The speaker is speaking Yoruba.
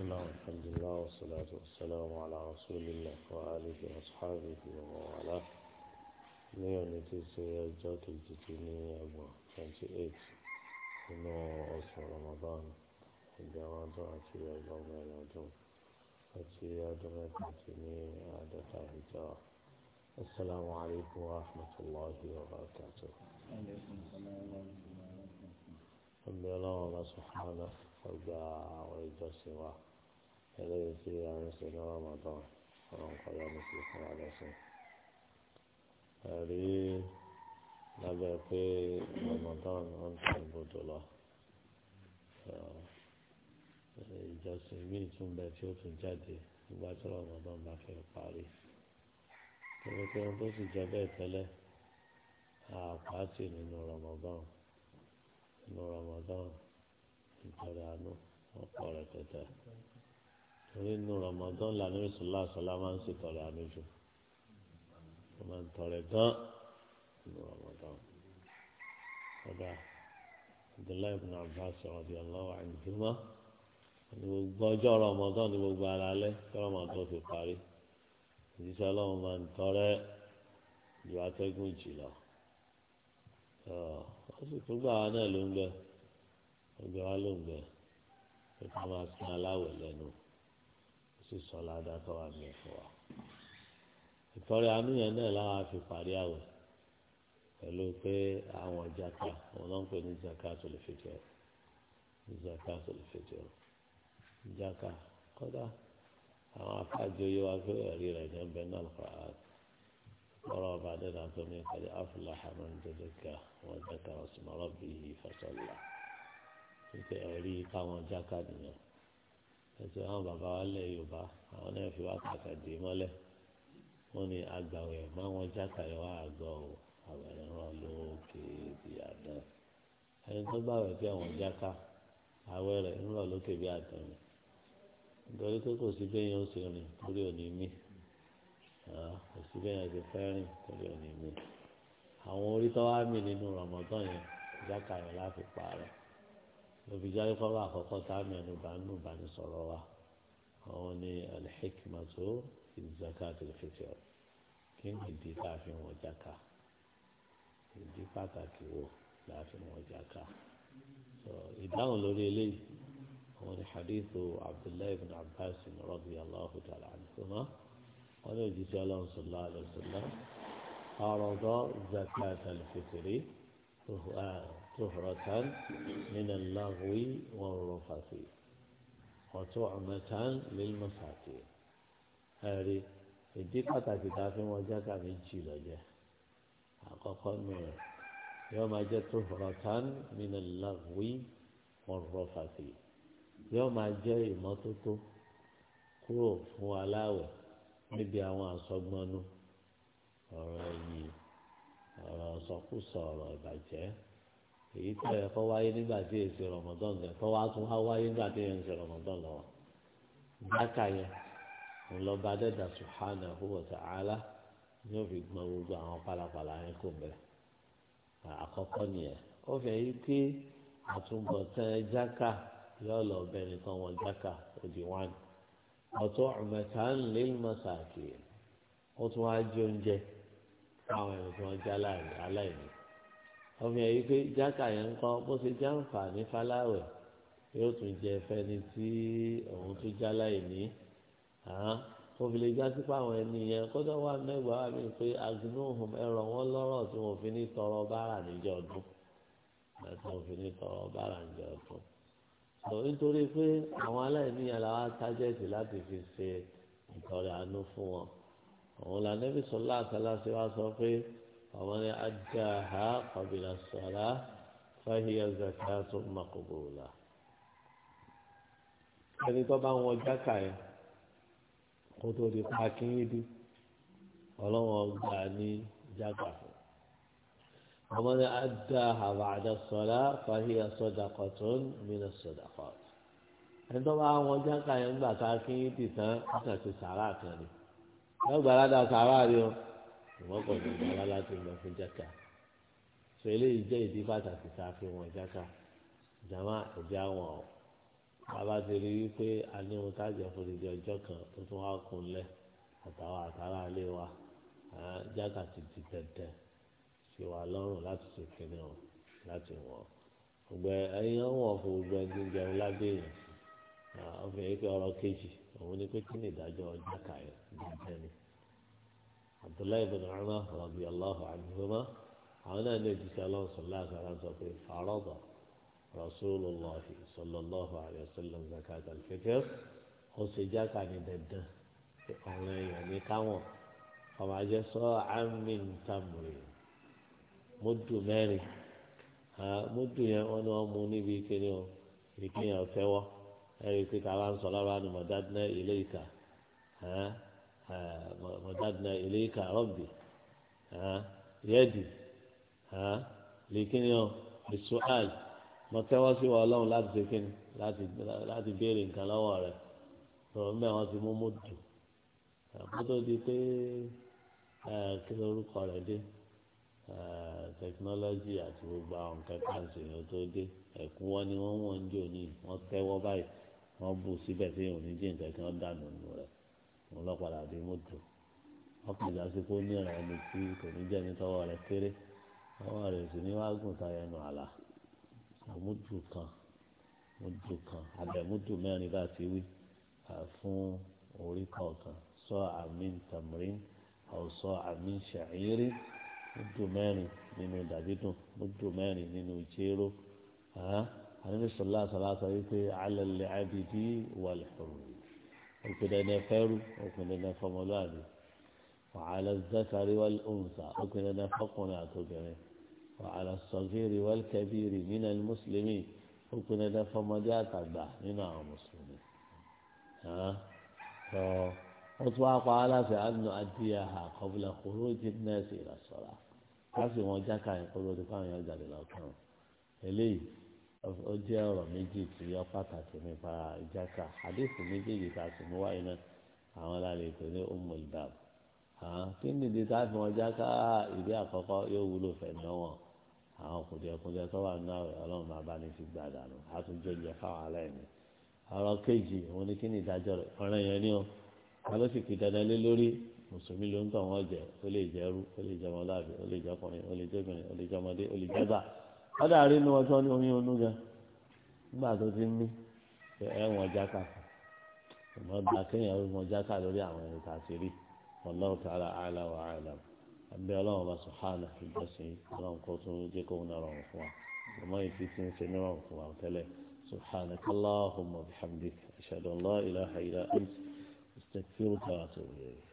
بسم الله والحمد لله والصلاة والسلام على رسول الله وآله وأصحابه وموالاه اليوم تسعة جات الجتينية أبو 28 إنه أسر رمضان الجواد أتي الله إلى جوف أتي أدرك أتني عادة هجرة السلام عليكم ورحمة الله وبركاته عليكم السلام ورحمة الله وبركاته ربي الله سبحانه وتعالى وإجاسي eléyìí tí a ń ṣe ní Ramadan àwọn nǹkan yẹn ní sí fún wa lẹ́sìn. ìjọsìn míì tún bẹ tí ó tún jáde nígbà tí Ramadan bá fẹ́ parí. torí pé ohun tó sì jẹ bẹ́ẹ̀ tẹ́lẹ̀ àpáàtì nínú Ramadan nínú Ramadan ìjọba àánú ọ̀pọ̀ rẹpẹtẹ torí inú Ramadan lànà ìṣúlá ṣọlá máa ń ṣètọrẹ àánú jù ó máa ń tọrẹ gan inú Ramadan ọ̀dà Abdullahi ibn Abbas radiyallahu anhuma ní gbogbo ọjọ́ Ramadan ní gbogbo alálẹ́ kí Ramadan fi parí ìdíṣẹ́ ọlọ́run máa ń tọrẹ ju atẹ́gùn jì lọ ó sì tún gbà wá náà ló ń gbẹ ó gbà wá ló ń gbẹ ó tún máa sin aláwẹ̀ lẹ́nu sì sọ ládàá tó wà ní ẹ̀fọ́ wa ìtọ́rẹ àánú yẹn náà láwa fi parí àwẹ̀ pẹ̀lú pé àwọn jaka wọn náà ń pè ní jaka tó lè fi jẹ jaka tó lè fi jẹ jaka kódà àwọn afáàjọ yìí wá pé ẹ̀rí rẹ̀ jẹ́ bẹ́ẹ̀ náà lọ́kọ̀ ọba dẹ́nà tó ní ìpàdé afúláhà máa ń dédé ká wọn jaka ọ̀sùn mọ́rọ́ bíi ìfẹsọ̀lá nípa ẹ̀rí káwọn jaka nìyẹn ẹsẹ̀ àwọn bàbá wa lẹ̀ yorùbá àwọn náà fi wá kàkà dé mọ́lẹ̀ wọ́n ní agbàwẹ̀ má wọn jákàyọ̀ wá àgọ́ o àwẹ̀rẹ̀ wọn lókè bí àdán ẹni tó gbàwẹ̀ tí àwọn jáká àwẹ̀rẹ̀ ń lọ lókè bí àdán mi nítorí pé kò sí bẹ́ẹ̀ yẹn ó ṣe rìn torí òní mí kò sí bẹ́ẹ̀ yẹn ti fẹ́ rìn torí òní mí àwọn orí tó wá mì nínú rọ̀mọ́tán yẹn jákàyọ̀ láfi pa rẹ̀ lóbi jáde fọlá àkọ́kọ́ tá a mẹ́nu bá nù bá ní sọ̀rọ̀ wa àwọn ní alihikimatu ìzakato ìfẹsẹ̀ kí ni ìdí tá a fi wọ́n jáka ìdí pàtàkì wo tá a fi wọ́n jáka ìdáhùn lórí eléyìí àwọn ní hadithu abdullahi bin abbas radiyallahu ta'ala anhuma wọn ní òjijì ọlọ́run sallallahu alaihi wasallam ọ̀dọ́ zakat alifẹsẹ̀ rí. طهرة من اللغو والرفث وطعمة للمساكين هذه ìdí pàtàkì tá a fi wọn jáka méjì lọ́jọ́ àkọ́kọ́ nù rẹ̀ yóò máa jẹ́ tuhratan minal lagwi warrafati yóò máa jẹ́ ìmọ́tótó kúrò fún aláwẹ̀ níbi àwọn àsọgbọnú ọ̀rọ̀ ẹ̀yìn ọ̀rọ̀ ọ̀sọ̀kúsọ ọ̀rọ̀ ìbàjẹ́. èyí tó yẹ kó wáyé nígbà tí èsì rọmọdán gẹ tó wá tún á wáyé nígbà tí èyí ń ṣe rọmọdán lọ́wọ́ bákà yẹn ńlọba dẹ́dà subhanahu ta'ala ní ó fi gbogbo àwọn pálapàla yẹn kò mẹ́rẹ̀ nìyẹn ó yí pé yóò lọ bẹ nìkan wọn òdì ó tún wá oúnjẹ ẹni tí ọmọ yẹn pé jáka yẹn ń kọ́ bó ṣe jáǹfà ní fáláwẹ̀ yóò tún jẹ fẹni tí òun tún já láìní òfìlè jásí fáwọn ẹni yẹn kọ́dọ̀ wà mẹ́wàá mi pé agunóhùn ẹ̀rọ wọn lọ́rọ̀ tí wọn fi ní tọrọ bára níjọ ọdún tí wọn fi ní tọrọ bára níjọ ọdún tó nítorí pé àwọn aláìní yẹn làwọn tájẹ́tì láti fi ṣe ìtọrẹ àánú fún wọn òun là sọlá àtàlà wa sọ pé. فمن أداها قبل الصلاة فهي زكاة مقبولة ẹni tó bá ń wọ jáka yẹn kó tó di pàkínyìn dí ọlọ́wọ́n gbà ní jáka fún ọmọ ní adá àbàdà sọlá fàhíyà sọdàkọ tó ń mìíràn sọdàkọ ẹni tó bá ń wọ jáka yẹn gbà pàkínyìn dì tán ọkàn ti sàrà kan ni lọ́gbàládà sàrà rí o ṣùgbọ́n kò ní gbà láti lọ fún jáká sọ eléyìí jẹ́ ìdí pàtàkì tá a fi wọn jáká jàmá ẹ̀jẹ̀ àwọn ọ̀ bàbá ti rí i pé a ní ohun tá a jẹ fún ìdí ọjọ́ kan tó tún wá kun lẹ̀ àtàwọn àtàrà ilé wa jáká ti di tẹ̀tẹ̀ ṣe wà lọ́rùn láti ṣe kíní ọ̀ láti wọ̀ ọgbẹ ẹyin ọwọ́ fún gbogbo ẹni jẹun lábẹ́ èèyàn ọfìn yìí pé ọ̀rọ̀ kejì òun ni pé kí ni ìdájọ́ jáká yẹn jẹ́ ni abdullahi bin umar radiyallahu anhuma àwọn náà ní òjíṣẹ́ aláwọ sọlá àgbàrá sọ pé fàrọbà rasulillah sallallahu alayhi wa sallam zakat alfitr ó sì jáka ní dandan ọ̀rọ̀ èèyàn ní káwọn ọmọ ajé sọ àmì ntàmùrè mọ́tò mẹ́rin mọ́tò yẹn wọ́n ní wọ́n mú níbi kíni o ìpínyà ọ̀fẹ́ wọ́ ẹ̀rí pé kàrá ń sọ lára ni mọ̀dádínà ilé ìka. أدنى إليك ربي ها يدي ها لكن يوم بالسؤال ما تواسي والله لا تسكن لا لا تبيرين كلاوارة فما هو ممد مدو دي تي كده رقا لدي tẹkinọlọgì àti gbogbo àwọn nǹkan kan ṣèyàn tó dé ẹkún wọn ni wọn wọn ń jò ní wọn tẹwọ báyìí wọn bù síbẹ̀ tí òun ní jíǹkan kí wọn dànù nù rẹ òun lọ padà dé mọtò wọ́n kàn já sí pé ó ní ìrìn ẹni tí kò ní jẹ́ ní tọ́wọ́ rẹ̀ kéré tọ́wọ́ rẹ̀ sì ní wàá gùn tayọ ẹnu àlà àmúdù kan múdù kan àbẹ̀múdù mẹ́rin bá ti wí fún orí kọ̀ọ̀kan sọ àmì tamarin àwòsọ àmì ṣàyírí múdù mẹ́rin nínú dàbídùn múdù mẹ́rin nínú jéró àníbi sọlá sọlá wípé alẹ́ lè ábìdí wà lẹ́fọ̀rọ̀ òkùnrin ẹ̀fẹ́rú òkùnrin ẹ̀fọ́mọlúwàbí. وعلى الذكر والأنثى أكن فقنا تبعين وعلى الصغير والكبير من المسلمين أكن فمجات الله من المسلمين ها فأطوى على أن نؤديها قبل خروج الناس إلى الصلاة كافي وجاك عن قلوب كان يرجع إلى الكون إليه أجي أرى ميجي تيا pàtàkì nípa ìjàkà حديث ميجي تاسموا إنا عمل عليه أم الباب kí nìdí tá a fi wọn já ká ìdí àkọ́kọ́ yóò wúlò fẹ̀ náà wọn àwọn kùdìẹ̀kùdìẹ̀ tó wà nínú àwẹ̀ ọlọ́run máa bá ní fi gbà dànù á tún fáwọn aláìní ọ̀rọ̀ kejì òun ni kí ni ìdájọ́ rẹ̀ ọ̀ràn yẹn ni ó wọn ló sì fi dandan lé lórí mùsùlùmí ló ń tàn wọ́n jẹ ó lè jẹ ẹrú ó lè jẹ ọmọláàbí ó lè jẹ ọkùnrin ó lè jẹ obìnrin ó lè jẹ ọmọdé ó lè jẹ gbà ọ̀dà rí inú ọjọ́ ní omi onú gan nígbà tó ti ń mí ẹ̀wọ̀n jákà ọmọ bá kéèyàn ó jákà lórí àwọn ẹ̀ka ti rí. والله تعالى أعلى وأعلم أبي الله الله سبحانه في الجسم الله قوته جيكونا وما يتيتين سنة رغفوا تلي سبحانك اللهم وبحمدك أشهد أن لا إله إلا أنت استغفرك وأتوب إليك